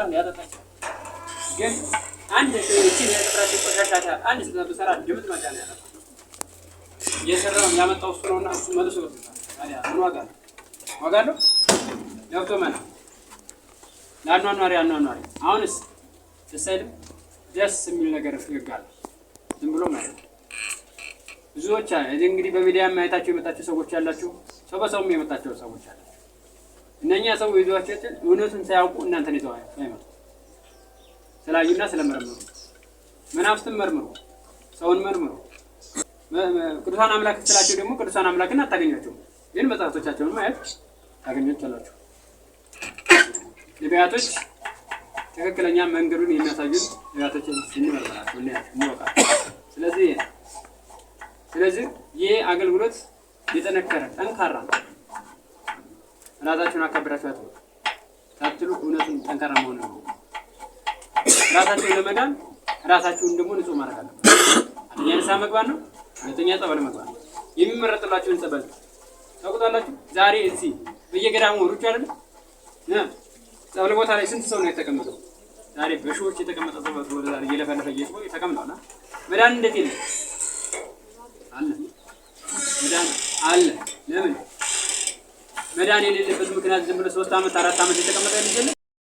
ስራም ያጠፋቸው ግን አንድ ሰዎችን ያጠራቸው ቆሻሻ አንድ ስራ ብሰራ እንደምትመጣ ነው ያጠፋ የሰራውን ያመጣው እሱ ነውና እሱ መልሶ ምን ዋጋ ነው? ዋጋ ነው ገብቶ መና ለአኗኗሪ አኗኗሪ አሁንስ ስሰልም ደስ የሚል ነገር ይጋል ዝም ብሎ ማለት ብዙዎች እንግዲህ በሚዲያ የማየታቸው የመጣቸው ሰዎች ያላችሁ ሰው በሰውም የመጣቸው ሰዎች አለ እነኛ ሰው ይዟቸችን እውነቱን ሳያውቁ እናንተን ይዘው አይመጡ። ስላዩና ስለመረመሩ መናፍስትን መርምሩ፣ ሰውን መርምሩ። ቅዱሳን አምላክ ስላቸው ደግሞ ቅዱሳን አምላክን አታገኟቸውም፣ ግን መጽሐፍቶቻቸውን ማየት ታገኟቸላችሁ። ነቢያቶች ትክክለኛ መንገዱን የሚያሳዩን ነቢያቶች እንመርመራቸው፣ እንወቃል። ስለዚህ ስለዚህ ይህ አገልግሎት የጠነከረ ጠንካራ ነው። ራሳችሁን አትሉ ሳትሉ እውነቱን ጠንካራ መሆን ነው። ራሳችሁን ለመዳን ራሳችሁን ደግሞ ንጹህ ማድረግ አለ። አንደኛ ንሳ መግባት ነው። ሁለተኛ ጸበል መግባት ነው። የሚመረጥላችሁን ጸበል ታውቁታላችሁ። ዛሬ እዚህ በየገዳሙ ሩጫ አይደል ጸበል ቦታ ላይ ስንት ሰው ነው የተቀመጠው? ዛሬ በሺዎች የተቀመጠ ጸበል ወደ ዛሬ እየለፈለፈ እየሱ ተቀምጧል። መዳን እንዴት ነው አለ መዳን አለ መዳን የሌለበት ምክንያት ዝም ብሎ ሶስት ዓመት አራት ዓመት የተቀመጠ ልጅ